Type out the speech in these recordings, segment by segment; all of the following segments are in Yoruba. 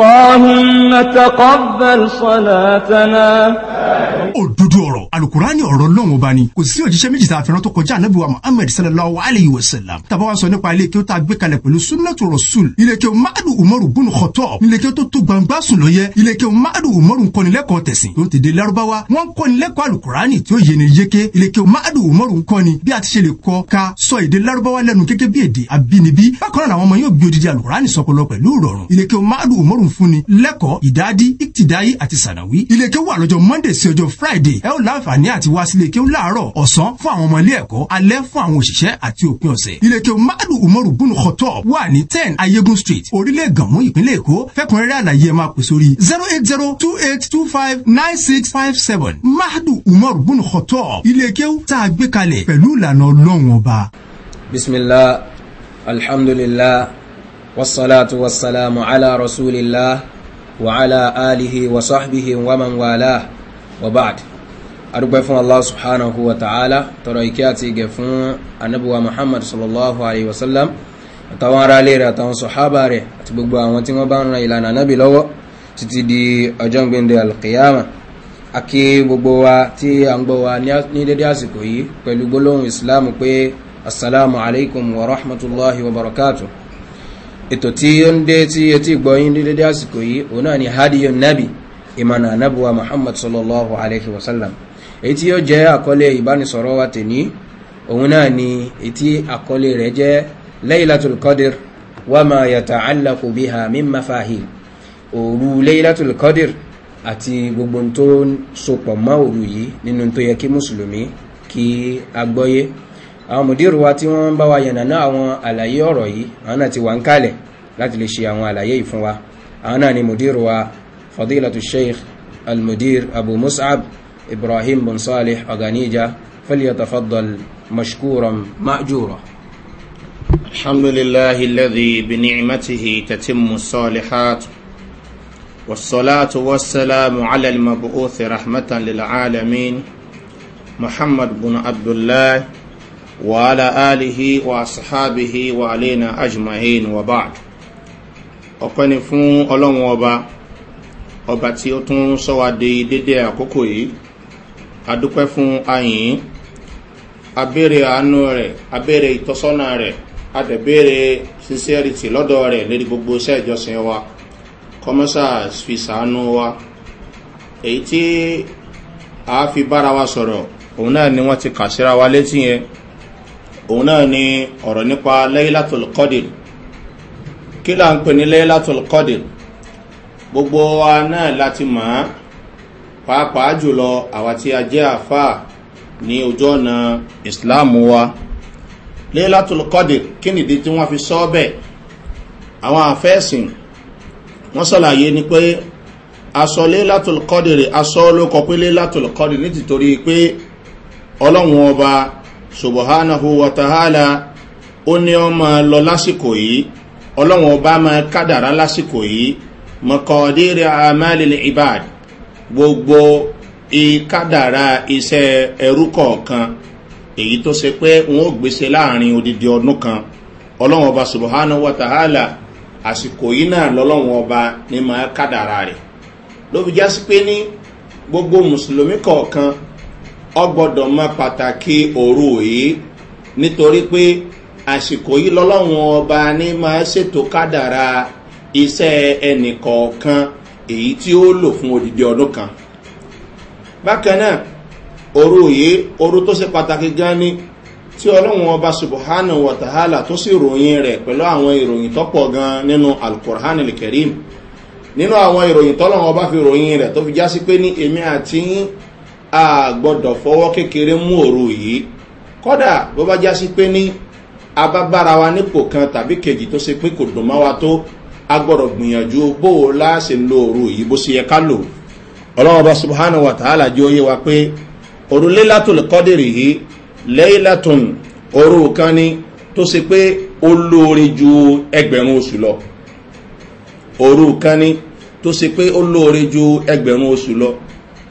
اللهم تقبل صلاتنا òdodo ọ̀rọ̀ alukurani ọ̀rọ̀ lọ́wọ́n ọba ni kò sí òjíṣẹ́ méjì tá a fẹ́ràn tó kọjá anabi wa muhammed sallallahu alayhi wa sallam tàbá wa sọ nípa ilé kí ó tá gbé kalẹ̀ pẹ̀lú sunnatu rasul ilé kí o madu umaru bunu kọtọ ilé kí o tó tó gbangba sùn lọ yẹ ilé kí o madu umaru nkọnilẹ́kọ̀ọ́ tẹ̀sìn tó ń tẹ̀dé larubawa wọn nkọnilẹ́kọ̀ọ́ alukurani tí ó yẹni yeke ilé kí o madu umaru nkọni bí a ti ṣe lè kọ ka sọ èdè larubawa lẹ́nu gẹ́gẹ́ bí èdè abínibí bákan náà àwọn ọmọ yóò gbé alukurani sọpọlọ pẹ̀lú rọrùn ilé kí o madu umaru fúnni lẹ́kọ̀ọ́ ìdádi ìtìdáyé àti sànàwí ilé kí o wà lọ́jọ́ monday sí ọjọ́ friday ẹ ó láǹfààní àti wá sílé kí ó láàárọ̀ ọ̀sán fún àwọn ọmọ ilé ẹ̀kọ́ alẹ́ fún àwọn òṣìṣẹ́ àti òpin ọ̀sẹ̀ ilé kí o madu umaru bunu kọtọ wà ní ten ayégun street orílẹ̀ gànmú ìpínlẹ̀ èkó fẹ́kùnrẹ́rẹ́ àlàyé ẹ máa pè sórí zero eight zero two eight two five nine six five seven madu umaru bunu kọtọ ilé kí ó tá a gbé kalẹ̀ pẹ̀lú ìlànà ọlọ́run ọba. bisimilah alhamdulilah wasalaatu wasalaamu ala rasulillah wa ala alihi wa sahbihi wa man walah wa ba'd adúpẹ́ fún allah subhanahu wa ta'ala tọrọ ìkẹ́ àti ìgẹ̀ fún anabuwa muhammad sallallahu alayhi wa sallam àtàwọn ará ilé rẹ̀ àtàwọn sọ̀hábà rẹ̀ àti gbogbo àwọn tí wọ́n bá ń ran ìlànà anábì lọ́wọ́ títí di ọjọ́ gbẹ̀ndẹ̀ alkiyama akí gbogbo wa tí a ń gbọ́ wa ní dédé àsìkò yìí pẹ̀lú gbólóhùn islam pé assalamu alaikum wa rahmatulahi wa barakatuh ètò tí ó ń dé tí etí gbọ́yìn ní dédé àsìkò yìí òun náà ni hadiyun nabi ìmọ̀nà anábùwà muhammad sallallahu alayhi wa sallam èyí tí yóò jẹ́ àkọlé ìbánisọ̀rọ̀ wa tèní òun náà ni èyí tí àkọlé rẹ̀ jẹ́ laylatul qadr wa ma yata'allaqu biha min mafahim òru laylatul qadr àti gbogbo tó sopọ̀ mọ́ òru yìí nínú tó yẹ kí mùsùlùmí kí agbọ́yé àwọn mùdírù wa tí wọ́n bá wa yànnà náà àwọn àlàyé ọ̀rọ̀ yìí àwọn náà ti wà ń kalẹ̀ láti lè ṣe àwọn àlàyé yìí fún wa àwọn náà ni mùdírù wa فضيلة الشيخ المدير أبو مصعب إبراهيم بن صالح أغانيجا فليتفضل مشكورا مأجورا الحمد لله الذي بنعمته تتم الصالحات والصلاة والسلام على المبعوث رحمة للعالمين محمد بن عبد الله وعلى آله وأصحابه وعلينا أجمعين وبعد أقنفون ألم وبعد ọba tí ó tún sọ́wá de dédé àkókò yìí adúpẹ́ fún ayìn abéèrè àánú rẹ̀ abéèrè ìtọ́sọ́nà rẹ̀ adẹ̀béèrè sincerity lọ́dọ̀ rẹ̀ lérí gbogbo iṣẹ́ ìjọsìn wa kọmọ́sà fi sàánú wa èyí tí a fi bára wa sọ̀rọ̀ òun náà ni wọ́n ti kà síra wa létí yẹn òun náà ni ọ̀rọ̀ nípa lẹ́yìnlátòlùkọ́dìl kí là ń pè ní lẹ́yìnlátòlùkọ́dìl gbogbo wa náà láti mọ̀ á pàápàá jùlọ àwa tí a jẹ́ àfà ní ojú ọ̀nà ìsìláàmù wa lẹ́yìnlátòlù kọ́dìr kí nìdí tí wọ́n fi sọ́ bẹ́ẹ̀ àwọn àfẹ́sìn wọ́n sọ̀làyé ni pé aṣọ lẹ́yìnlátòlù kọ́dìr aṣọ ló kọ pé lẹ́yìnlátòlù kọ́dìr ní tìtorí pé ọlọ́run ọba subahánahu watahala ó ní ọmọ lọ lásìkò yìí ọlọ́run ọba máa kádàrá lásìkò yìí mọ̀kọ́dírí amálìlẹ̀ ibad gbogbo ikadara iṣẹ́ ẹrú kọ̀ọ̀kan èyí tó ṣe pé wọn ò gbèsè láàrin odidi ọdún kan ọlọ́wọ́n ọba subahana wàtàhálà àsìkò yìí náà lọ́lọ́wọ́n ọba ní máa kádàrá rẹ̀ ló fi jásí pé ní gbogbo mùsùlùmí kọ̀ọ̀kan ọgbọ́dọ̀ mọ pàtàkì òru yìí nítorí pé àsìkò yìí lọ́lọ́wọ́n ọba ní máa ṣètò rẹ̀ iṣẹ́ ẹnìkọ̀ọ̀kan èyí tí ó lò fún odidi ọdún kan bákan náà oru yìí oru tó ṣe pàtàkì gan ni tí ọlọ́run ọba subuhana wàtàhálà tó sì ròyìn rẹ̀ pẹ̀lú àwọn ìròyìn tọ́pọ̀ gan nínú alukur'an kẹrim nínú àwọn ìròyìn tọ́lọ́run ọba fi ròyìn rẹ̀ tó fi já sí pé ní èmi àti a gbọ́dọ̀ fọwọ́ kékeré mú òru yìí kọ́dà bó bá já sí pé ní abábára wa nípò kan tàbí kejì tó ṣe pé kò dùn mọ́ wa tó a gbọ́dọ̀ gbìyànjú bó o láṣẹ lo òru yìí bó ṣe yẹ ká lò ọlọ́wọ́ bá subhanahu wa ta'ala jẹ́ oyé wa pé òru lélátòlù kọ́dìrì yìí lẹ́yìn látòun òru kan ni tó ṣe pé ó lóore ju ẹgbẹ̀rún oṣù lọ òru kan ni tó ṣe pé ó lóore ju ẹgbẹ̀rún oṣù lọ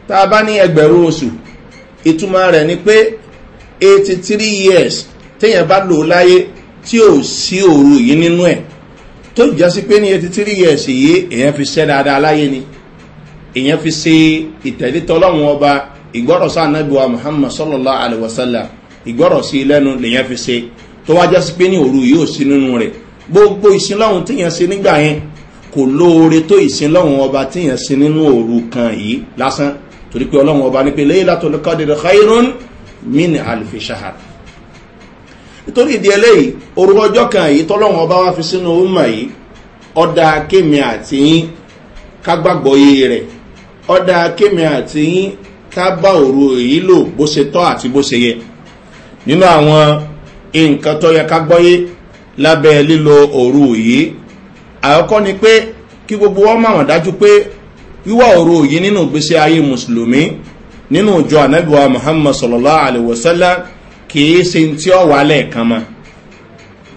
tá a bá ní ẹgbẹ̀rún oṣù ìtumọ̀ rẹ̀ ni pé eighty three years téèyàn bá lò láyé tí ò sí òru yìí nínú ẹ̀ tó jẹ́ sí pé ní eighty three years yìí èèyàn fi ṣẹ́ dáadáa láyé ni èèyàn fi ṣe ìtẹ̀lítọ́ ọlọ́run ọba ìgbọ́rọ̀ sí anábìwá muhammad sallallahu alayhi wa sallam ìgbọ́rọ̀ sí lẹ́nu lèèyàn fi ṣe tó wá jẹ́ sí pé ní òru yóò sí nínú rẹ̀ gbogbo ìsinlọ́hun téèyàn ṣe nígbà yẹn kò lóore tó ìsinlọ́hun ọba téèyàn ṣe nínú òru kan yìí lásán torí pé ọlọ́run ọba ní pé lẹ́yìn látọ̀lẹ́kọ́ nítorí ìdí eléyìí orúkọ ọjọ́ kan yìí tọ́lọ́wọ́n ọba wa fi sínú ọmọ yìí ọ̀dà kémi àti yín kágbàgbọ́ yé rẹ̀ ọ̀dà kémi àti yín ká bá òru èyí lò bó ṣe tọ́ àti bó ṣe yẹ nínú àwọn nǹkan tó yẹ ká lábẹ́ lílo òru yìí àkọ́kọ́ ni pé kí gbogbo wọn mọ̀ dájú pé wíwá òru yìí nínú ìgbésí ayé mùsùlùmí nínú ìjọ ànábìwá muhammad sallallahu alayhi wa sallam kìí se tí ọ wà lẹ́ẹ̀kan mọ́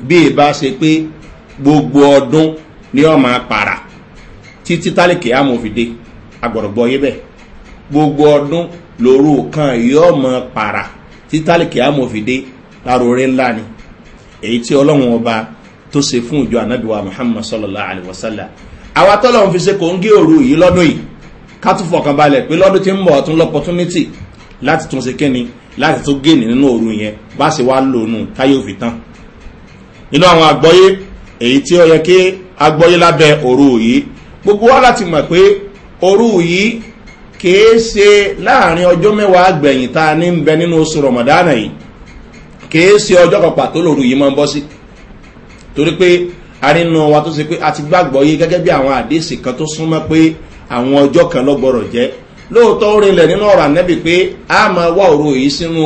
bí ìbá ṣe pé gbogbo ọdún ni ọ máa para títí tálíkì amòfìdé agbọ̀rọ̀gbọ̀ yé bẹ́ẹ̀ gbogbo ọdún lòrú kan yọ máa para títí tálíkì amòfìdé láròrè ńlá ni èyí tí ọlọ́run ọba tó ṣe fún ìjọ anábìwá muhammad sallallahu alayhi wa sallam àwa tọ́lọ̀ ń fi ṣe kò ń gé òru yìí lọ́dún yìí ká tún fọkàn balẹ̀ pé lọ́dún tí ń bọ̀ ọ̀tún lọ́pọ̀túnítì láti tún ṣe kẹ́ni láti tún gèèní nínú òru yẹn bá ṣe wá lónú táyé òfin tán nínú àwọn àgbọ́yé èyí tí ó yẹ kí agbọ́yé lábẹ́ òru yìí gbogbo wa láti mọ̀ pé òru yìí kìí ṣe láàrin ọjọ́ mẹ́wàá gbẹ̀yìn tá a ní ń bẹ nínú oṣù rọ̀mọ̀dánà yìí kìí ṣe ọjọ́ kan pàtó lòru yìí máa ń bọ́ sí torí pé a nínú wa tó ṣe pé a ti gbàgbọ́ yé gẹ́gẹ́ bí àwọn àdéṣe kan tó súnmọ́ pé àwọn ọjọ́ kan lọ́gbọ́rọ̀ jẹ́ lóòótọ́ ó rinlẹ̀ nínú ọ̀rọ̀ ànẹ́bì pé a máa wá òru yìí sínú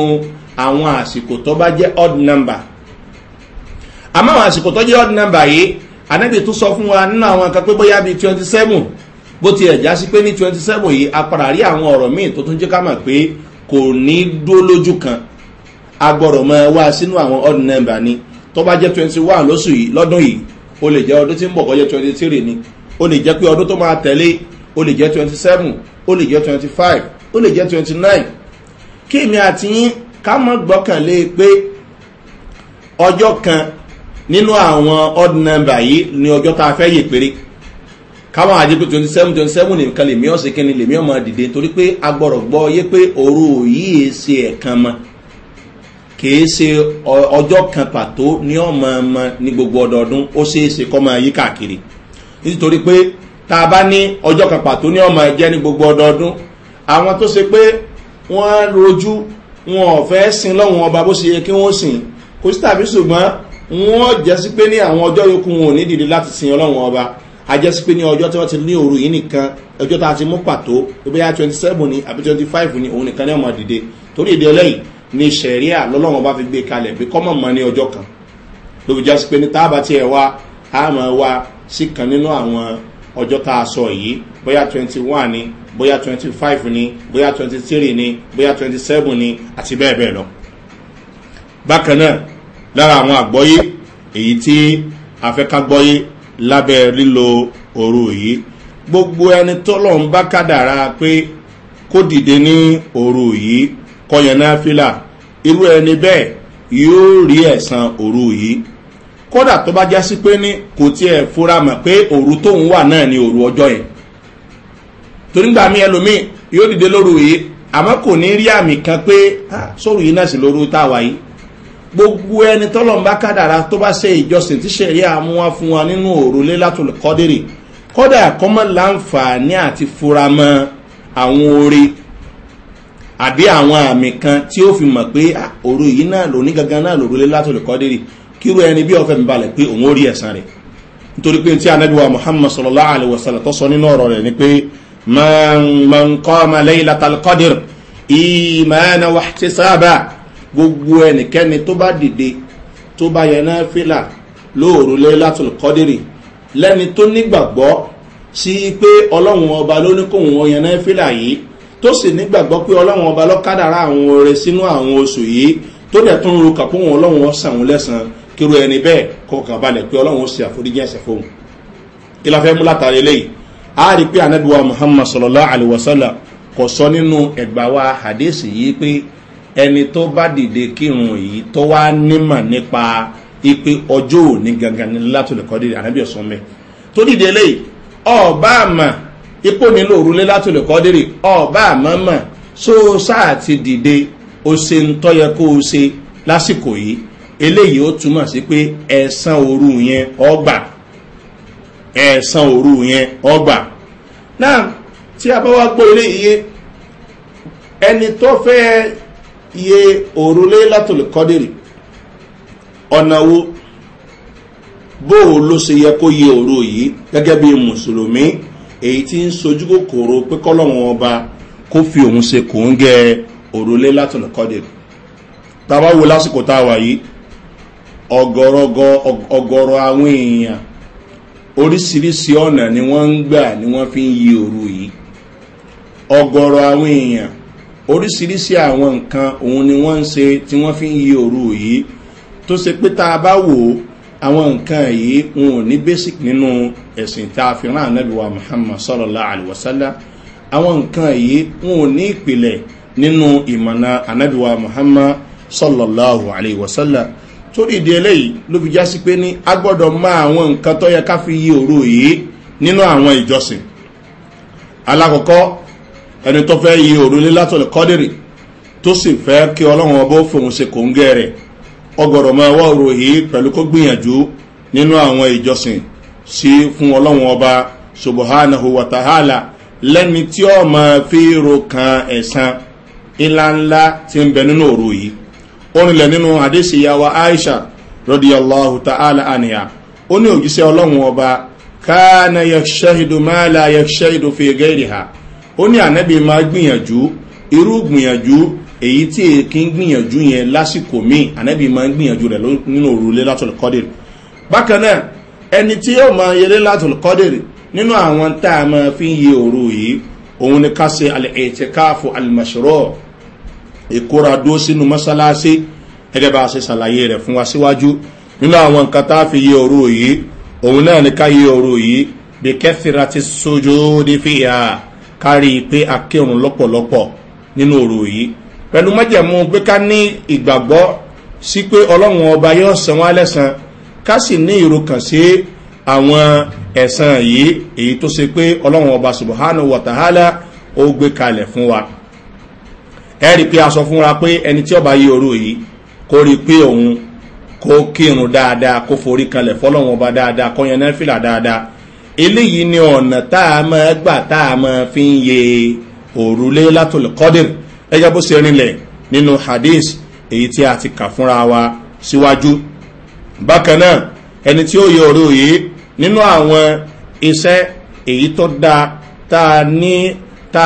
àwọn àsìkò tó bá jẹ́ odd number àmọ́ àwọn àsìkò tó jẹ́ odd number yìí ànẹ́bì tún sọ fún wa nínú àwọn kan pé bóyá bíi twenty seven bó ti ẹ̀já sí pé ní twenty seven yìí apàdà rí àwọn ọ̀rọ̀ míì tó tún jẹ́ ká mọ̀ pé kò ní dúró lójú kan a gbọ́dọ̀ máa wá sínú àwọn odd number ni tó bá jẹ́ twenty one lóṣù yìí lọ́dún yìí ó lè jẹ́ ọdún tí ń bọ̀ kọ́ jẹ́ twenty three ni ó lè jẹ́ pé ọdún tó máa tẹ̀lé ó lè jẹ́ twenty seven ó lè jẹ́ twenty five ó lè jẹ́ twenty nine kí èmi àti yín ká mọ́ gbọ́kànlé pé ọjọ́ kan nínú àwọn odd number yìí ni ọjọ́ tá a fẹ́ yè péré káwọn àjẹpẹ́ twenty seven twenty seven nìkan lèmi ọ̀sẹ̀ kínní lèmi ọmọ dìde torí pé agbọ̀rọ̀ gbọ́ yé pé òru yìí ṣe ẹ̀kan mọ́ kìí ṣe ọjọ́ kan pàtó ní ọmọ ọmọ ní gbogbo ọdọọdún ó ṣeé ṣe kọ́ máa yí káàkiri nítorí pé tá a bá ní ọjọ́ kan pàtó ní ọmọ ẹ̀jẹ̀ ní gbogbo ọdọọdún àwọn tó ṣe pé wọ́n rojú wọn ò fẹ́ sin lọ́wọ́n ọba bó ṣe yẹ kí wọ́n sìn kò sí tàbí ṣùgbọ́n wọ́n jẹ́sí pé ní àwọn ọjọ́ yòókù wọn ò ní dìde láti sin ọlọ́wọ́n ọba ajẹ́sí pé ní ọjọ́ tí wọ́n ti ní òru yìí nìkan ọjọ́ tá a ti mú pàtó bóyá twenty seven ni àbí twenty five ni òun nìkan ní ọmọ dìde torí ìdí ọlẹ́yìn ni sẹ̀ríà lọ́lọ́wọ́n bá fi gbé kalẹ̀ bí kọ́mọ̀ mọ́ ní ọjọ́ kan lóbi jẹ́sí pé ní táàbà tiẹ̀ wá àmọ́ wá sí kan nínú àwọn ọjọ́ tá a sọ yìí bóyá twenty one ni bóyá twenty five ni bóyá twenty three ni bóyá twenty seven ni àti bẹ́ẹ̀ bẹ́ẹ̀ lọ. bákan náà lára àwọn àgbọ́yé èyí tí afẹ́kágbọ́yé lábẹ́ lílo òru yìí gbogbo ẹni tọ́lọ̀ ń bá kádàrá pé kó dìde ní òru yìí kọyàn náà fìlà irú ẹni bẹ́ẹ̀ yóò rí ẹ̀sán òru yìí kódà tó bá já sí pé ní kò tiẹ̀ fura mọ̀ pé òru tóun wà náà ni òru ọjọ́ yẹn torí gbà mí ẹlòmíì yóò dìde lóru yìí àmọ́ kò ní rí àmì kan pé ah, sóru yìí náà sì lóru táwa yìí gbogbo ẹni tọ́lọ̀ ń bá kádàrà tó bá ṣe ìjọsìn tí ṣẹ̀rí àmúwá fún wa nínú òru lé látòlẹ̀ kọ́dérì kódà kọ́mọ́ láǹfààní àti fura mọ́ àwọn orí àbí àwọn àmì kan tí ó fi mọ̀ pé ah, òru yìí náà lòní gangan náà lòru lé látòlẹ̀ kọ́dérì kíru ẹni bí ọ̀fẹ́ mi balẹ̀ pé òun ó rí ẹ̀sán rẹ̀ nítorí pé tí anábíwá muhammad sọlọ́lá àlewọ̀sálẹ̀ tó sọ nínú ọ̀rọ̀ rẹ̀ ni pé mọ̀nkọ́ ọmọ lẹ́yìn latalkọ́dìr ìmọ̀ẹ́nà wà ti sábà gbogbo ẹnikẹ́ni tó bá dìde tó bá yẹn náà fìlà lóòrò lẹ́yìn latalkọ́dìrì lẹ́ni tó nígbàgbọ́ sí pé ọlọ́run ọba ló ní kóun ọyàn náà fìlà yìí tó sì nígbàgbọ́ pé ọlọ́run ọba lọ́kadàrà àwọn oore sínú àwọn oṣù yìí tó dẹ̀ tún ro kàpọ̀ wọn ọlọ́run ọ̀sán òun lẹ́sàn-án kíru ẹni bẹ́ẹ̀ kọkàn balẹ̀ pé ọlọ́run ṣe àforíjì ẹ̀sẹ̀ fóun kí la fẹ́ mú látàrí eléyìí a rí pé anabiwa muhammad sallallahu alayhi wa sallam kò sọ nínú ẹgbà wa hadesi yìí pé ẹni tó bá dìde kírun yìí tó wá nímọ̀ nípa ipe ọjọ́ òní gangan ní látòlẹ̀kọ́ dìde anabi ọ̀sán mẹ́ tó dìde eléyìí ọba àmà ipò nílò òrùlé látòlẹ̀kọ́ dìde ọba àmà mà so sáà dìde ó se ń tọ́yẹ kó o se lásìkò yìí eléyìí ó túmọ̀ sí pé ẹ̀sán òru yẹn ọgbà ẹ̀sán òru yẹn ọgbà náà tí a bá wá iye ẹni tó fẹ́ iye òrùlé látòlè kọ́dìrì ọ̀nà wo bóò ló ṣe yẹ kó yẹ òru yìí gẹ́gẹ́ bí mùsùlùmí èyí tí ń sojú kòkòrò pé fi òun ṣe kò ń gẹ òrùlé látòlè kọ́dìrì wo lásìkò tá a ọ̀gọ̀rọ̀gọ̀ ọ̀gọ̀rọ̀ àwọn èèyàn oríṣiríṣi ọ̀nà ni wọ́n ń gbà ni wọ́n fi ń yí òru yìí ọ̀gọ̀rọ̀ àwọn èèyàn oríṣiríṣi àwọn nǹkan òun ni wọ́n ń ṣe tí wọ́n fi ń yí òru yìí tó ṣe pé tá a bá wò ó àwọn nǹkan yìí ò ní basic nínú ẹ̀sìn tá a fi rán ànábìwá muhammad sallallahu wa sallam àwọn nínú ìmọ̀nà muhammad sallallahu wa torí ìdí eléyìí ló fi jásí pé ní a gbọ́dọ̀ mọ àwọn nǹkan tó yẹ ká fi yí òru yìí nínú àwọn ìjọsìn alákọ̀ọ́kọ́ ẹni tó fẹ́ yí òru lé látọ̀lẹ̀ kọ́dìrì tó sì fẹ́ kí ọlọ́run ọba ó fòun ṣe rẹ̀ ọgọ̀rọ̀ mọ ẹwọ́ òru yìí pẹ̀lú kó gbìyànjú nínú àwọn ìjọsìn sí fi ro kan ẹ̀sán ńláńlá ti ń bẹ nínú orinlẹ̀ nínú àdéṣe ìyàwó aisha rọ́díyàlláhu ta'ala àníyà ó ní òjíṣẹ́ ọlọ́run ọba káàna yẹ̀ṣẹ́hìdù máàlá yẹ̀ṣẹ́hìdù fi gẹ́rì ha ó ní ànábì máa gbìyànjú irú gbìyànjú èyí tí èkí ń gbìyànjú yẹn lásìkò míì ànábì máa ń gbìyànjú rẹ̀ nínú òrùlé látọ̀lẹ̀ kọ́dìrì bákan náà ẹni tí yóò máa yẹlé látọ̀lẹ̀ kọ́dìrì fi ń yẹ òru yìí ni ká ṣe àlẹ́ ètè káàfù ìkóra dúró sínú mọ́sálásí gẹ́gẹ́ bá a ṣe ṣàlàyé rẹ̀ fún wa síwájú nínú àwọn nǹkan tá a fi yé ọ̀rọ̀ yìí òun náà ní ká yé ọ̀rọ̀ yìí bí kẹ́fìrà ti sojú ní fi hà kárí pé a kírun lọ́pọ̀lọpọ̀ nínú ọ̀rọ̀ yìí pẹ̀lú májẹ̀mú pé ká ní ìgbàgbọ́ sí pé ọlọ́run ọba yóò san wá lẹ́sàn ká sì ní ìrokàn sí àwọn ẹ̀sán yìí èyí tó ṣe pé ọlọ́run ọba subahana wàtàhálà ó gbé kalẹ̀ fún wa ẹ rí i pé a sọ fúnra pé ẹni tí ọba yí orú yìí kó rí i pé òun kó kírun dáadáa kó forí kanlẹ̀ fọlọ́wọn ọba dáadáa kó yan nẹ́fìlà dáadáa eléyìí ni ọ̀nà tá a máa gbà tá a máa fi ń ye òrùlé látòlè kọ́dìrì ẹjọ́ bó ṣe rinlẹ̀ nínú hadith èyí tí a ti kà fúnra wa síwájú bákan náà ẹni tí ó yẹ òru yìí nínú àwọn iṣẹ́ èyí tó dáa tá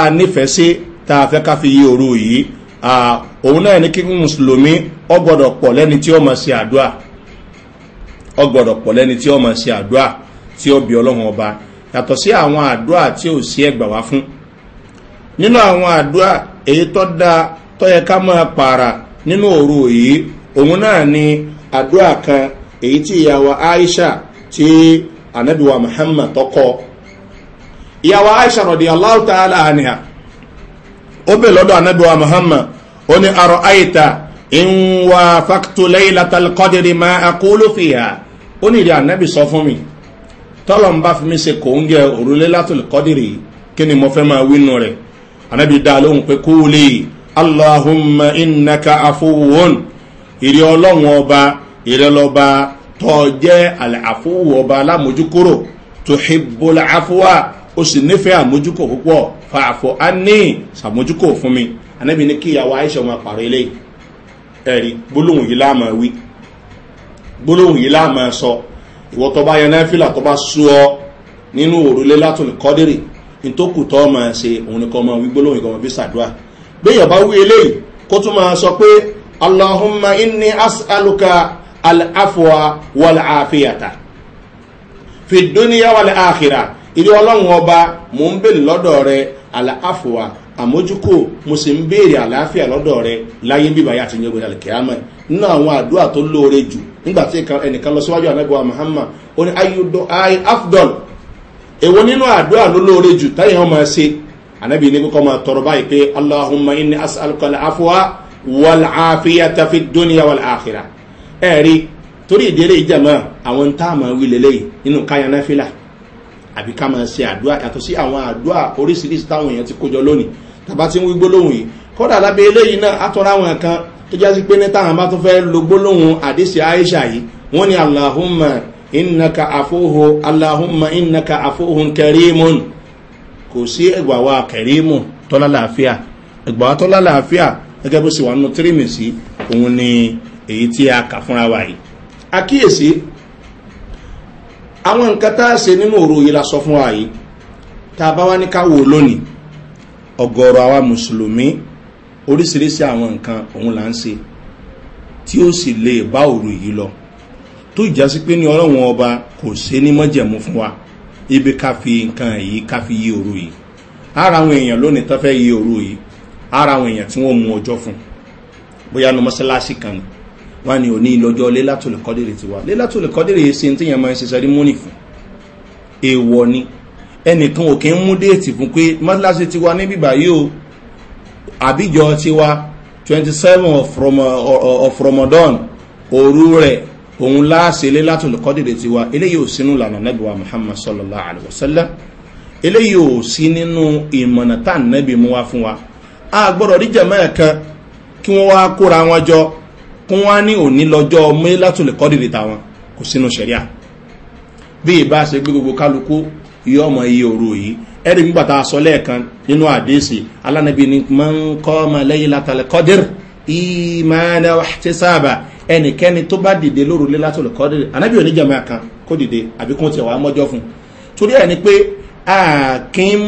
a nífẹ̀ẹ́ sí tá a fẹ́ ká fi yí òru yìí òun náà ní kí mùsùlùmí ọgbọ̀dọ̀ pọ̀ lẹ́ni tí ó mọ̀ sí àdúà ọgbọ̀dọ̀ pọ̀ lẹ́ni tí ó mọ̀ sí tí ó bí ọlọ́run ọba yàtọ̀ sí àwọn àdúà tí ò sí ẹgbà wá fún nínú àwọn àdúà èyí tó da tó yẹ ká máa pààrà nínú òru yìí òun náà ni àdúà kan èyí tí ìyàwó aisha ti anabiwa muhammad tọkọ ó bè lọ́dọ̀ anábíwá muhammad ó ní arọ àìta ìwà fàkítọ́lẹ́yìn látàlẹ́kọ́dẹ̀rẹ̀ máa akólófìyà ó ní ìdí anábì sọ fún mi tọ́lọ̀ ń bá fi mi ṣe kò ń jẹ òrùlé látàlẹ́kọ́dẹ̀rẹ̀ kí ni mo fẹ́ máa wínú rẹ̀ anábì dá lóhùn pé kúlì allahumma innaka afuwon ìrì ọlọ́run ọba ìrẹ́lọ́ba tọ́ jẹ́ alámójúkúrò tó hibbola afuwa o sì nífẹ̀ẹ́ àmójúkò púpọ̀ fàáfọ̀ á ní sàmójúkò fún mi anábì ní kí ìyàwó aisha ọmọ pàrọ̀ ilé ẹ̀rí gbólóhùn yìí láàmà wí gbólóhùn yìí láàmà sọ ìwọ tó bá yan náfìlà tó bá sú ọ nínú òrùlé látòlù kọ́dírì nítòkù tó ọmọ ṣe òun nìkan ọmọ wí gbólóhùn ìkọmọ fi ṣàdúrà béèyàn bá wí eléyìí kó tún máa sọ pé allahumma inni as'aluka al-afwa wal-afiyata fi dunya wal-akhirah ilé ọlọ́run ọba mò ń bèèrè lọ́dọ̀ rẹ àfọwà àmójúkò mo sì ń bèèrè àlàáfíà lọ́dọ̀ rẹ láyé bíbá yà àti ìyẹ́gbẹ̀rẹ̀ alìkẹ́yàmọ̀ nínú àwọn àdúrà tó lóore jù nígbà tí ẹnìkan lọ síwájú anábíwá muhammad ó ní ayúdọ ayé afdol èwo nínú àdúrà ló lóore jù táyà wọn máa ṣe anábì ní kókó máa tọrọ báyìí pé allahumma inni as'alukala afọwà wàlàáfíà tafi dóníyà wàlàáfíà ẹ̀rí torí ìdílé ìjàmọ́ àwọn táàmù wílélẹ́yìn nínú káyanáfílà àbí ká máa ṣe àdúrà yàtọ̀ sí àwọn àdúrà oríṣiríṣi táwọn èèyàn ti kójọ lónìí tàbá tí ń wí gbólóhùn yìí kódà lábẹ́ eléyìí náà àtọ́ra àwọn kan tó já pé ní táwọn bá tún fẹ́ lo gbólóhùn àdéṣe aisha yìí wọ́n ní allahumma innaka afóho allahumma innaka afóhun kẹrìmùn kò sí ìgbàwá kẹrìmù tọ́lá làáfíà ìgbàwá tọ́lá làáfíà gẹ́gẹ́ bó sì wà nínú tírímì sí òun ni èyí tí a kà fúnra wa yìí akíyèsí àwọn nǹkan tá a ṣe nínú òru yìí la sọ fún wa yìí tá a bá wá ní ká wò lónìí ọgọrọ àwa mùsùlùmí oríṣiríṣi àwọn nǹkan òun là ń ṣe tí ó sì lè bá òru yìí lọ tó ìjà sí pé ní ọlọ́run ọba kò ṣe ní mọ́jẹ̀mú fún wa ibi ká fi nǹkan yìí ká fi yí òru yìí ara àwọn èèyàn lónìí tó fẹ́ yí òru yìí ara àwọn èèyàn tí wọ́n mú ọjọ́ fún bóyá nu mọ́ṣáláṣí kan ni wá ní òní ìlọ́jọ́ lélátòlè kọ́dìrì ti wá lélátòlè kọ́dìrì yìí sí ní tíyẹn máa ń ṣiṣẹ́ rí múnì fún èèwọ̀ ni ẹnìkan ò kí ń mú déètì fún pé mọ́tíláṣí ti wá níbí báyìí o àbíjọ ti wá twenty seven of ramadan òru rẹ̀ òun láàṣẹ lélátòlè kọ́dìrì ti wá eléyìí ò sínú lànà nẹ́bùwà muhammad sallallahu alayhi wa sallam eléyìí ò sí nínú ìmọ̀nà tá à nẹ́bì mú wá fún wa a gbọ́dọ̀ rí jẹ̀mọ́ kí wọ́n wá kóra wọn jọ kún wá ní òní lọ́jọ́ mẹ́látòlè kọ́dìrì tàwọn kò sínú sẹ̀ríà bí ìbá ṣe gbé gbogbo kálukú iye ọmọ iye òru yìí ẹ̀rí nígbà tá a sọ lẹ́ẹ̀kan nínú àdéhìsì alánàbí ni máa ń kọ́ ọmọ lẹ́yìn látàlẹ̀ kọ́dìrì ìmáàdá ti sáàbà ẹnikẹ́ni tó bá dìde lóru lẹ́látòlè kọ́dìrì anábì òní jẹ̀mọ́ kan kó dìde àbí kún tiẹ̀ wá mọ́jọ́ fún torí ẹ̀ pé àkín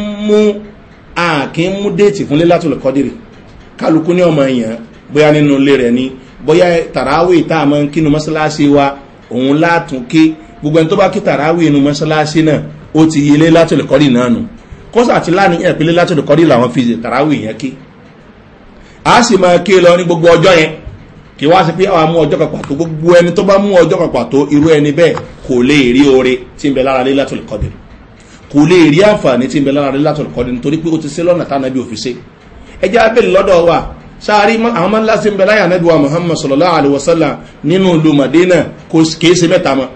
mú déètì fún lẹ́látòlè kọ́dìrì kálukú ní ọmọ èèyàn bóyá nínú ilé rẹ̀ ni bóyá tàràwì tá a máa ń kínu wa òun látún ké gbogbo ẹni tó bá kí tàràwì inú mọ́ṣáláṣí náà ó ti yẹlé látòlè kọ́rì náà nù kọ́sà àti láàánú yẹn pélé látòlè kọ́rì làwọn fi tàràwì yẹn ké a sì máa ké lọ ní gbogbo ọjọ́ yẹn kí wá sí pé àwọn amú ọjọ́ kan pàtó gbogbo ẹni tó bá mú ọjọ́ kan pàtó irú ẹni bẹ́ẹ̀ kò lè rí oore tí ń bẹ lára lé látòlè kò lè rí àǹfààní tí ń bẹ lára lé látòlè nítorí pé ó ti sé lọ́nà tánàbí òfin ṣe ẹjẹ́ abẹ́lẹ̀ lọ́dọ̀ wà sáàrí àwọn máa ń lásì ń bẹ láyà nẹ́dùwà muhammad sallallahu alaihi wasallam nínú ìlú madina kìí ṣe mẹ́ta mọ́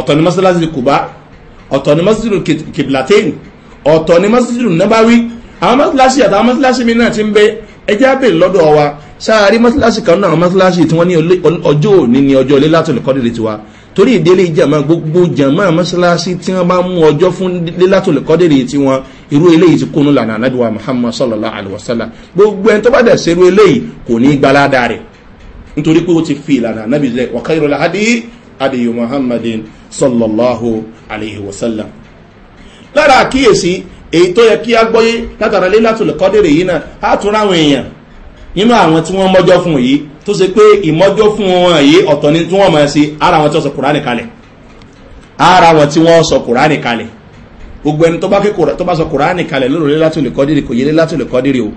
ọ̀tọ̀ ni masalasi kuba ọ̀tọ̀ ni masalasi kiblatin ọ̀tọ̀ ni masalasi nabawi àwọn masalasi àtàwọn masalasi mi náà ti ń bẹ ẹjẹ́ àbẹ̀ lọ́dọ̀ wa sáàrí masalasi kan náà masalasi tí wọ́n ní ọjọ́ òní ọjọ́ ilé torí ìdílé jama gbogbo jama mọ́sálásí tí wọ́n bá mú ọjọ́ fún lélátòlè kọ́dẹ̀rẹ̀ tí wọ́n irú eléyìí ti kúnnú lànà anáduwa muhammad sallallahu alaihi wasallam gbogbo ẹni tó bá dẹ̀ serú eléyìí kò ní gbalada rẹ̀ nítorí pé ó ti fi ìlànà anábì lẹ̀ wàkà ìrọ̀lá adé adéyò muhammadin sallallahu alaihi wasallam lára àkíyèsí èyí tó yẹ kí á gbọ́yé látara lélátòlè kọ́dẹ̀rẹ̀ yìí náà á tún ráwọn èèyàn nínú àwọn tí wọ́n mọ́jọ́ fún yìí tó ṣe pé ìmọ́jọ́ fún wọn yìí ọ̀tọ̀ ni tí wọ́n máa ṣe ara wọn tí wọ́n sọ kùránì kalẹ̀ ara wọn tí wọ́n sọ kùránì kalẹ̀ gbogbo ẹni tó bá ké tó bá sọ kùránì kalẹ̀ lórí lẹ́látò lè kọ́dìrì kò yé lẹ́látò lè kọ́dìrì o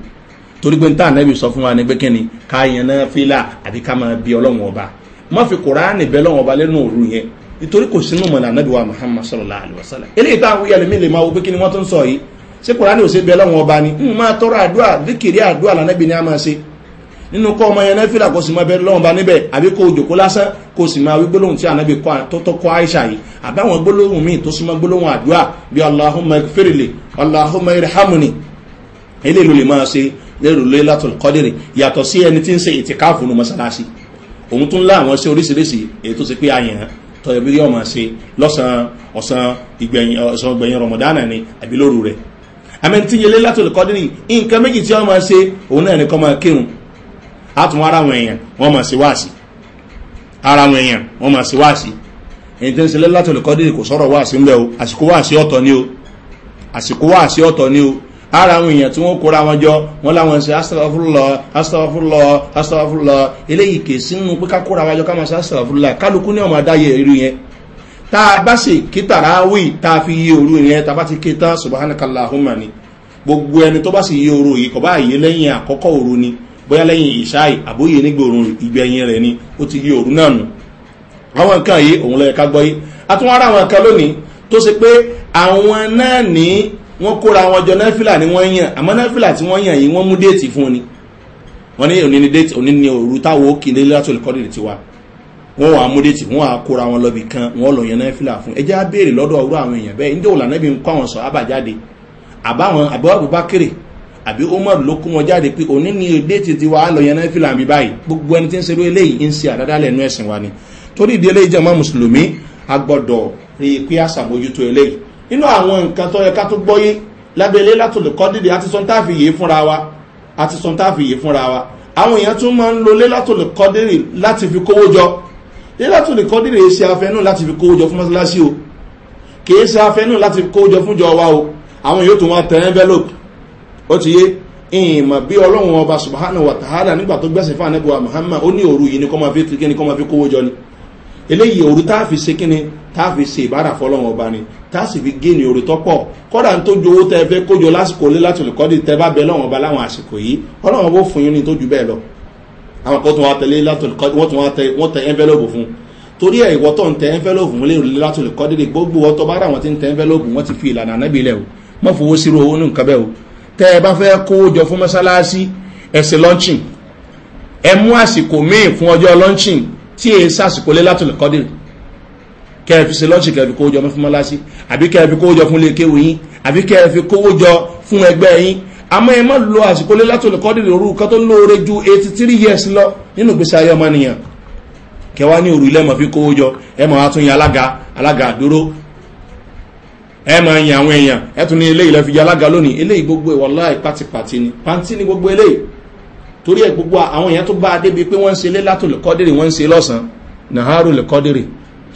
torí pé níta ànábì sọ fún wa ni pé kí ni ká yẹn náà fílà àbí ká máa bí ọlọ́wọ́n ọba má fi kùránì bẹ́ lọ́wọ́n ọba lẹ́nu òru yẹn nítorí kò sínú mọ̀nà ànábì wa muhammad sallallahu alayhi wa sallam eléyìí táwọn yẹlẹ mi lè máa wo pé kí ni wọ́n tó ń sọ yìí ṣé kùránì ò ṣe bẹ́ lọ́wọ́n ọba ni ń máa tọrọ àdúrà díkìrí àdúrà lànàbì ni a máa ṣe nínú kọ́ ọmọ yẹn nẹ́fìlà kò sì máa bẹ lọ́wọ́n bá níbẹ̀ àbí kò jòkó lásán kò sì máa wí gbólóhùn tí ànábì tó kọ́ àìsà yìí àbáwọn gbólóhùn míì tó súnmọ́ gbólóhùn àdúrà bí aláhùnmá fèrèlè aláhùnmá irhamuni ilé ìlú lè máa ṣe lérò lé látọ̀lù kọ́dìrì yàtọ̀ sí ẹni tí ń ṣe ìtìkáàfù nu mọ́ṣáláṣí òun tún lá ṣe oríṣiríṣi èyí tó ṣe pé àyàn tọyọ bí yọọ máa ṣe lọ́sàn-án ọ̀sán ìgbẹ̀yìn rọmọdánà ni àbí lóru rẹ̀ àmì tí yẹlé látọ̀lù kọ́dìrì nǹkan méjì tí wọ́n máa ṣe òun náà ní máa kírun àtún ara àwọn èèyàn wọ́n mọ̀ sí wáàsí ara àwọn èèyàn wọ́n mọ̀ sí wáàsí èyí tó ń selẹ́ látò lè kọ́dé kò sọ̀rọ̀ wáàsí ń bẹ̀ o àsìkò wáàsí ọ̀tọ̀ ni o àsìkò wáàsí ọ̀tọ̀ ni o ara àwọn èèyàn tí wọ́n kóra wọn jọ wọ́n láwọn ṣe astagfurulọ astagfurulọ astagfurulọ eléyìí kè sínú pé ká kóra wájọ ká máa ṣe astagfurulọ kálukú ní ọmọ adáyé irú yẹn tá a bá sì kí tàràwì tá a fi yé òru yẹn tá a bá ti ké tán subahana kalahuma gbogbo ẹni tó bá sì yé òru yìí kò bá yé lẹ́yìn àkọ́kọ́ òru ni bóyá lẹ́yìn ìṣáì àbóyè nígbòrún ìgbẹ̀yìn rẹ̀ ni ó ti yí òru náà nù àwọn nǹkan yìí òun lọ́yẹ̀ká gbọ́ yìí àtúnwọ́n ara àwọn nǹkan lónìí tó ṣe pé àwọn náà ní wọ́n kóra wọn jọ náfìlà ni wọ́n yàn àmọ́ náfìlà tí wọ́n yàn yìí wọ́n mú déètì fún ni wọ́n ní òní ni déètì òní ni òru táwọn ó kì í lélẹ́ látòlì kọ́dìrì tiwa wọ́n wàá mú déètì wọ́n wàá kóra wọn lọ́bì kan wọ́n lọ yàn náfìlà fún ẹjẹ́ á béèrè lọ́dọ̀ ọ̀rọ̀ àwọn èèyàn bẹ́ẹ̀ ní àbí umar ló kún wọn jáde pé òní ni èdè títí wa á lọ yẹn náà fìlà mi báyìí gbogbo ẹni tí ń serú eléyìí ń se àdádálẹ̀ ẹnu ẹ̀sìn wa ni torí ìdí eléyìí jẹ́ mọ́ mùsùlùmí a gbọ́dọ̀ rí i pé àṣàmójútó eléyìí nínú àwọn nǹkan tó yẹ ká tó gbọ́yé lábẹ́lé látòlè kọ́ dìde àti sọ́n táàfì yìí fúnra wa àti sọ́n táàfì yìí fúnra wa àwọn èèyàn tún máa ń lo lé látòlè kọ́ dìde láti fi kówó jọ lé látòlè kọ́ dìde ṣe afẹ́nù láti fi kówó jọ fún mọ́sálásí o kì í ṣe afẹ́nù láti fi kówó jọ fún jọ wa o àwọn yóò tún wọn tẹ̀ ẹ́ ó ti yé ìmọ̀ bí ọlọ́run ọba subhanahu wa ta'ala nígbà tó gbẹ̀sìn fún anábíwá muhammad ó ní òru yìí ni kọ́ máa fi kí ni kọ́ máa fi kówó jọ ni eléyìí òru tá a fi ṣe kíni tá a fi ṣe ìbára fọlọ́run ọba ni tá a sì fi gé ni òru tó pọ̀ kọ́dà ń tójú owó tẹ ẹ fẹ́ kójọ lásìkò lé láti olùkọ́ di tẹ bá bẹ lọ́wọ́n ọba láwọn àsìkò yìí ọlọ́run ọba ó fún yín ní tójú bẹ́ẹ̀ lọ àwọn kan tún wá tẹlé láti olùkọ́ wọ́n tún wá tẹ wọ́n tẹ envelope fún torí ẹ̀ ìwọ́ tó ń tẹ envelope fún lérò láti olùkọ́ délé gbogbo ọtọ́ bá rà wọ́n ti ń tẹ envelope wọ́n ti fi ìlànà anábìlẹ̀ o mọ́ fowó sírò owó ní nǹkan bẹ́ẹ̀ o tẹ́ ẹ bá fẹ́ kówó jọ fún mọ́sálásí ẹ̀sìn lọ́ńchìn ẹ mú àsìkò míì fún ọjọ́ lọ́ńchìn tí èyí sàsìkò lé látòlè kọ́dìrì kẹ́ẹ̀fì sí lọ́ńchìn kẹ́ẹ̀fì kówó jọ fún mọ́sálásí àbí kẹ́ẹ̀fì kówó jọ fún lékewò yín àbí kẹ́ẹ̀fì kówó jọ fún ẹgbẹ́ yín àmọ́ ẹ má lo àsìkò lé látòlè kọ́dìrì orú kan lóore ju eighty three years lọ nínú gbèsè ayé ọmọnìyàn kẹwàá ní òrùlé mọ̀ fi kówó jọ ẹ mọ̀ ẹ mọ ẹyìn àwọn èèyàn ẹ tún ní eléyìí lẹ fi ya alága lónìí eléyìí gbogbo ìwà láì pátipàti ni pàǹtí ni gbogbo eléyìí torí ẹ gbogbo àwọn èèyàn tó bá a débi pé wọ́n ń se ilé látò lẹ́kọ́dẹ̀rẹ̀ wọ́n ń se lọ́sàn-án nàhárù lẹ́kọ́dẹ̀rẹ̀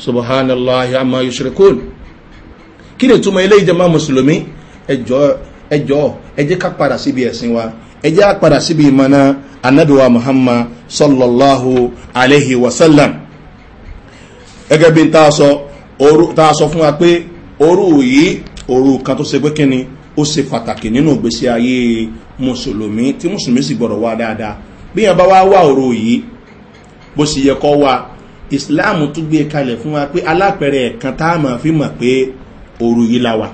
subhanallah ama yusrikun kí ni túmọ̀ eléyìí jẹ́ mọ́ mùsùlùmí ẹjọ́ ẹjọ́ ẹjẹ́ ká padà síbi ẹ̀sìn wa ẹjẹ́ á padà síbi ìmọ̀nà anabiwa muhammad sallallahu alayhi wa sallam gẹ́gẹ́ bí n sọ fún wa pé orú yìí orú kan tó ṣe pé kíni ó ṣe pàtàkì nínú ìgbésí ayé mùsùlùmí tí mùsùlùmí sì gbọ́dọ̀ wá dáadáa bí yẹn bá wá wá orú yìí bó sì yẹ kọ́ wa islam tún gbé kalẹ̀ fún wa pé alápẹ̀rẹ̀ ẹ̀kan tá a máa fi mọ̀ pé orú yìí la wà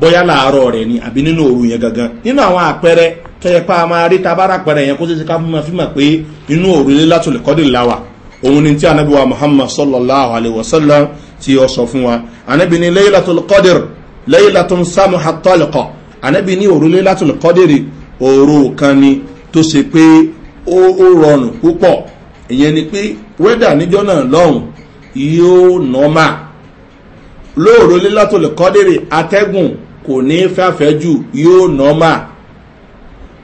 bóyá làárọ̀ rẹ̀ ni àbí nínú yẹn gangan nínú àwọn àpẹẹrẹ tẹ́yẹ pa máa rí tabara yẹn kó ṣe ṣe ká ma fi mọ̀ pé inú òru ilé látòlẹ̀kọ́dé làwà òun ni tí anabiwa muhammad sallallahu alayhi wa sallam ti sọ fún anabi ni laylatul qadr laylatun samuha taliqa anabi ni òru laylatul qadr òru kan ni tó ṣe pé ó rọrùn púpọ̀ ìyẹn ni pé wẹ́dà níjọ́ náà lọ́hùn yóò nọ́mà lóòrò laylatul qadr atẹ́gùn kò ní fẹ́fẹ́ jù yóò nọ́mà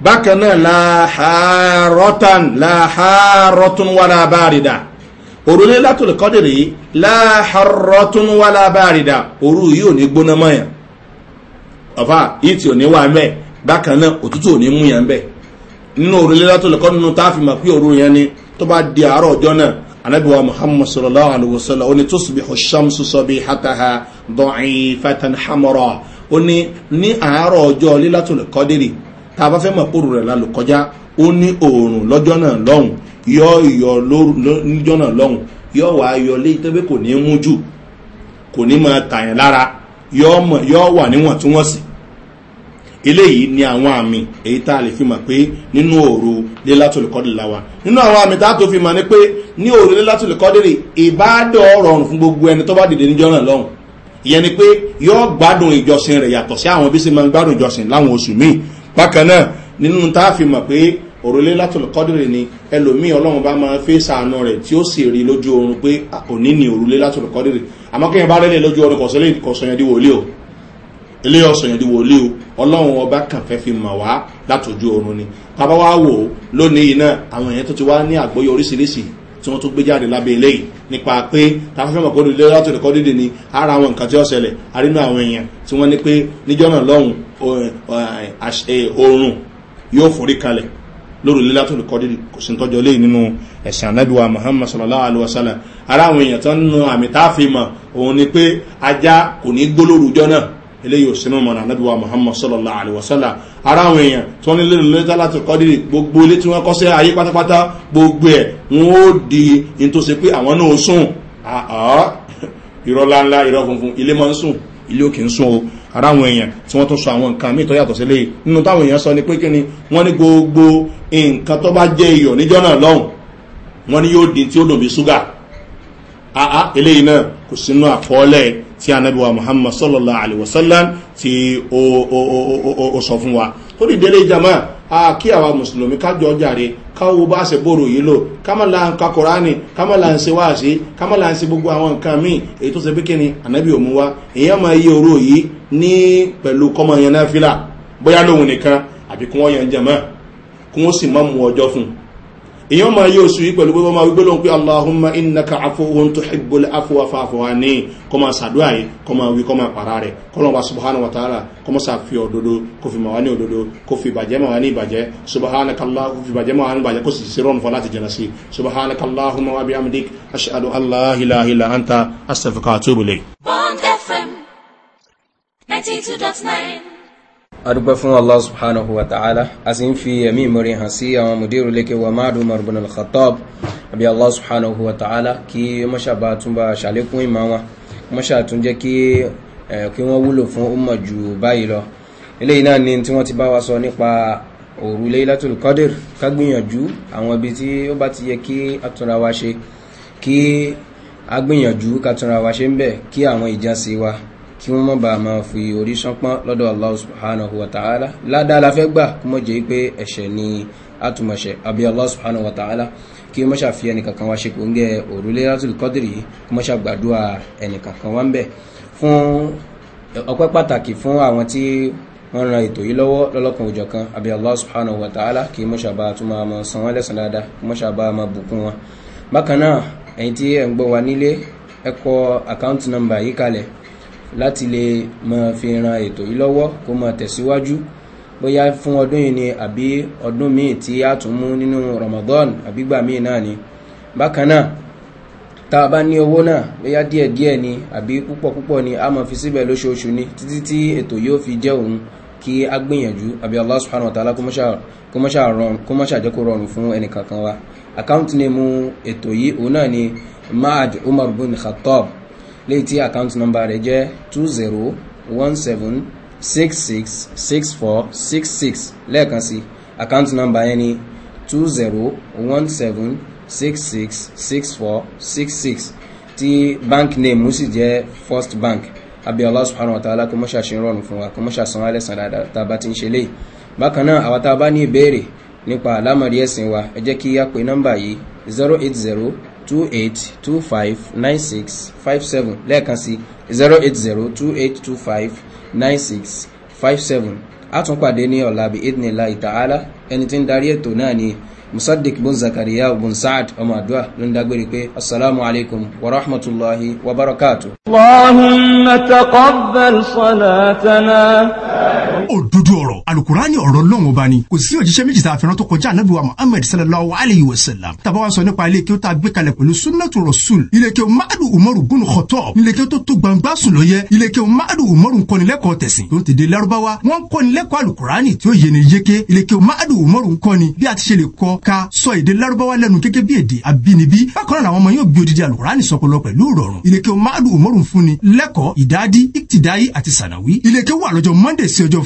bákan náà láhàárọ́tàn láhàárọ́tún wàrà bárìdà òrùlé látòlè kọ́dìrì yìí láàárọ̀ tó ń wá lábáàrídà òru yìí ò ní gbóná mọ́yàn ọ̀fà yìí tí ò ní wà mẹ́ bákan náà òtútù ò ní mú yàn bẹ́ẹ̀ nínú òrùlé látòlè kọ́ nínú táàfin mọ̀ pé òru yẹn ni tó bá di àárọ̀ ọjọ́ náà anabiwa muhammad sallallahu alaihi wa sallam oni tó subi husham susọ bi hataha dọ̀in fatan hamara oni ní àárọ̀ ọjọ́ lílátòlè kọ́dìrì tá fẹ́ mọ̀ pòrò rẹ̀ lálùkọjá ó òòrùn lọ́jọ́ náà lọ́hùn yọ ìyọ níjọ́nà lọ́hùn yọ wà yọ léyìí tẹ́bẹ́ kò ní mú jù kò ní máa tàyàn lára yọ wà níwọ̀ntúnwọ̀nsì eléyìí ni àwọn àmì èyí tá a lè fi mọ̀ pé nínú òru lélátòlùkọ́dé làwà nínú àwọn àmì tá a tó fi mọ̀ ni pé ní òru lélátòlùkọ́dé rè ìbádọ́ rọrùn fún gbogbo ẹni tó bá dìde níjọ́ lọ́hùn ìyẹn ni pé yọ gbádùn ìjọsìn rẹ̀ yàtọ̀ sí àwọn bí sì máa ń gbádùn ìjọsìn láwọn oṣù míì bákan náà nínú tá a fi mọ̀ pé òrùlé látòlù kọ́dìrì ni ẹlòmíì ọlọ́run bá máa fẹ́ sàánú rẹ̀ tí ó sì rí lójú oorun pé òní ni òrùlé látòlù kọ́dìrì àmọ́ kéèyàn bá rẹ́lẹ̀ lójú oorun kọ̀sọ́lé kọ̀sọ̀yàn di o ilé ọ̀sọ̀yàn di wòlé o ọlọ́run ọba kàn fẹ́ fi mọ̀ wá látòjú oorun ni tábà wá wò ó lónìí náà àwọn èèyàn tó ti wá ní àgbóyè oríṣiríṣi tí wọ́n tún gbé jáde lábẹ́ eléyìí nípa pé tafẹ́fẹ́ mọ̀ kọ́dún ilé látòlù kọ́dìrì ni ara àwọn nǹkan tí ó ṣẹlẹ̀ arínú àwọn èèyàn tí wọ́n ní pé níjọ́ náà lọ́hùn oorun yóò forí kalẹ̀ lórí lílá tó lè kọ́dí kò sí tọ́jọ́ lé nínú ẹ̀sìn anábíwá muhammad sallallahu alaihi wasallam ara àwọn èèyàn tó ń nu àmì tá a fi mọ̀ òun ni pé ajá kò ní gbó lóru náà eléyìí ò sínú mọ̀nà anábíwá muhammad sallallahu alaihi wasallam ara àwọn èèyàn tó ń lé lórí lílá tó kọ́dí gbogbo ilé tí wọ́n kọ́ sí ayé pátápátá gbogbo ẹ̀ wọ́n ó di ní tó ṣe pé àwọn náà sùn ìrọ̀ láńlá ìrọ̀ funfun ilé máa ń sùn ilé òkè ń sùn o ara àwọn èèyàn tí wọ́n tún sọ àwọn nǹkan míì tó sílé nínú táwọn èèyàn sọ ni pé kí ni wọ́n ní gbogbo nǹkan tó bá jẹ́ iyọ̀ níjọ́ náà lọ́hùn wọ́n ní yóò di tí ó dùn bí ṣúgà àá eléyìí náà kò sínú àkọọ́lẹ̀ tí anabiwa muhammad sallallahu alayhi wa sallam ti o sọ fún wa tó dìde lè jama a kí àwa mùsùlùmí kájọ jàre káwo bá ṣe bòrò yìí lò kámàlà ń ka kùránì kámàlà ń ṣe wáàṣí kámàlà ń ṣe gbogbo àwọn nǹkan míì èyí tó ṣe bí kíni ànábì òmu wa èèyàn máa yí oró yìí ní pẹ̀lú kọ́mọ yẹn náà fílà bóyá lóhun nìkan àbí kí wọ́n yan jẹ̀mọ́ kí wọ́n sì má mú ọjọ́ fún un èyàn máa yí oṣù yìí pẹ̀lú pé wọ́n máa wípé lóhun pé aláhùnmá ìnaka afọ́wọ́n tó ṣẹ̀gbọ́n afọ́wáfà àfọwá ní kọ́ máa ṣàdúrà yìí kọ́ máa wí kọ́ máa pàrà rẹ̀ kọ́lọ́n wa subahana wa taala kọ́ máa ṣàfi òdodo kò fi màwá ní òdodo kò fi bàjẹ́ màwá ní ìbàjẹ́ subahana kallahu fi kò sì ṣe rọrùn fún láti jẹ́nà sí adúpẹ́ fún allah subhanahu wa ta'ala a sì ń fi ẹ̀mí ìmọ̀rin hàn sí àwọn mùdírù lékè wa máàdù marbun al-khattab àbí allah subhanahu wa ta'ala kí mọ́ṣàbá tún bá ṣàlékún ìmọ̀ wọn mọ́ṣà tún jẹ́ kí kí wọ́n wúlò fún ọmọ jù báyìí lọ eléyìí náà ni tí wọ́n ti bá wa sọ nípa òru laylatul qadr ká àwọn ibi tí ó bá ti yẹ kí atúnra wa ṣe kí a gbìyànjú ká túnra wa ṣe ń bẹ̀ kí àwọn ìjásí wa kí wọ́n mọ́ bá a máa fi orí sánpọ́n lọ́dọ̀ allah subhanahu wa ta'ala ládàá la fẹ́ gbà kó mọ́ jẹ́ pé ẹ̀ṣẹ̀ ni àtúmọ̀ṣẹ̀ àbí allah subhanahu wa ta'ala kí wọ́n ṣàfi ẹnìkankan wá ṣe kò ń gẹ òrùlé látùl kọ́dìrì yìí kó mọ́ ṣàgbàdúrà ẹnìkankan wá ń bẹ̀ fún ọpẹ́ pàtàkì fún àwọn tí wọ́n ran ètò yìí lọ́wọ́ lọ́lọ́kan òjọ̀ subhanahu wa ta'ala kí wọ́n ṣàbá tún máa mọ san wọ́n lẹ́sàn dáadáa kó mọ́ ṣàbá máa bùkún wọn bákan náà ẹ̀yin tí ẹ̀ ń gbọ́ wa nílé ẹ àkáǹtì nọmbà yìí kalẹ̀ láti lè máa fi ran ètò yìí lọ́wọ́ kó máa tẹ̀síwájú bóyá fún ọdún yìí ni àbí ọdún míì tí a tún mú nínú Ramadan àbígbà míì náà ni bákan náà tá a bá ní owó náà bóyá díẹ̀díẹ̀ ni àbí púpọ̀ púpọ̀ ni a máa fi síbẹ̀ lóṣooṣù ni títí tí ètò yóò fi jẹ́ òun kí a gbìyànjú àbí Allah subhanahu wa ta'ala kó mọ́ṣà jẹ́ kó rọrùn fún ẹnì kankan wa àkáǹtì ni mu ètò yìí òun náà ni Maad Umar bin Khattab léyìí tí account number rẹ̀ jẹ́ two zero one seven six six six four six six lẹ́ẹ̀kan sí account number yẹn ni two zero one seven six six six four six six tí bank name ó sì jẹ́ first bank àbí Allah subhanahu wa ta'ala kó mọ́ṣà ṣe ń rọrùn fún wa kó mọ́ṣà san alẹ́sàn dáadáa tá a bá ti ń ṣe léyìí bákan náà àwọn tá a bá ní ìbéèrè nípa àlámọ̀rí ẹ̀sìn wa ẹ jẹ́ kí á pe nọ́mbà yìí zero eight zero two eight two five nine six five seven lẹ́ẹ̀kan sí zero eight zero two eight two five nine six five seven a tún pàdé ní ọ̀la bí idinila ìtàhálà ẹni tí ń darí ètò náà ni musaddiq bin zakariya bin sa'ad ọmọ àdúrà ló ń dágbére pé assalamu alaikum wa rahmatulahi wa barakatu. allahumma taqabbal salatana òdodo ọ̀rọ̀ alukurani ọ̀rọ̀ lọ́wọ́n bá ni kò sí òjíṣẹ́ méjì tá a fẹ́ràn tó kọjá anabi wa muhammed sallallahu alayhi wa sallam tàbá wa sọ nípa ilé kí ó tá a gbé kalẹ̀ pẹ̀lú sunnatu rasul ilé madu umaru gun kọtọ ilé kí o tó tó gbangba sùn lọ yẹ ilé madu umaru nkọ́nilẹ́kọ̀ọ́ tẹ̀sìn tó ń tẹ̀dé larubawa wọn kọ́nilẹ́kọ̀ọ́ alukurani tí ó yẹni yeke ilé madu umaru nkọ́ni bí a ti ṣe lè kọ ka sọ èdè larubawa lẹ́nu gẹ́gẹ́ bí èdè abínibí bákan náà àwọn alukurani sọpọlọ pẹ̀lú rọrùn ilé umaru fúnni lẹ́kọ̀ọ́ ìdádi ìtìdáyé àti sànàwí ilé kí o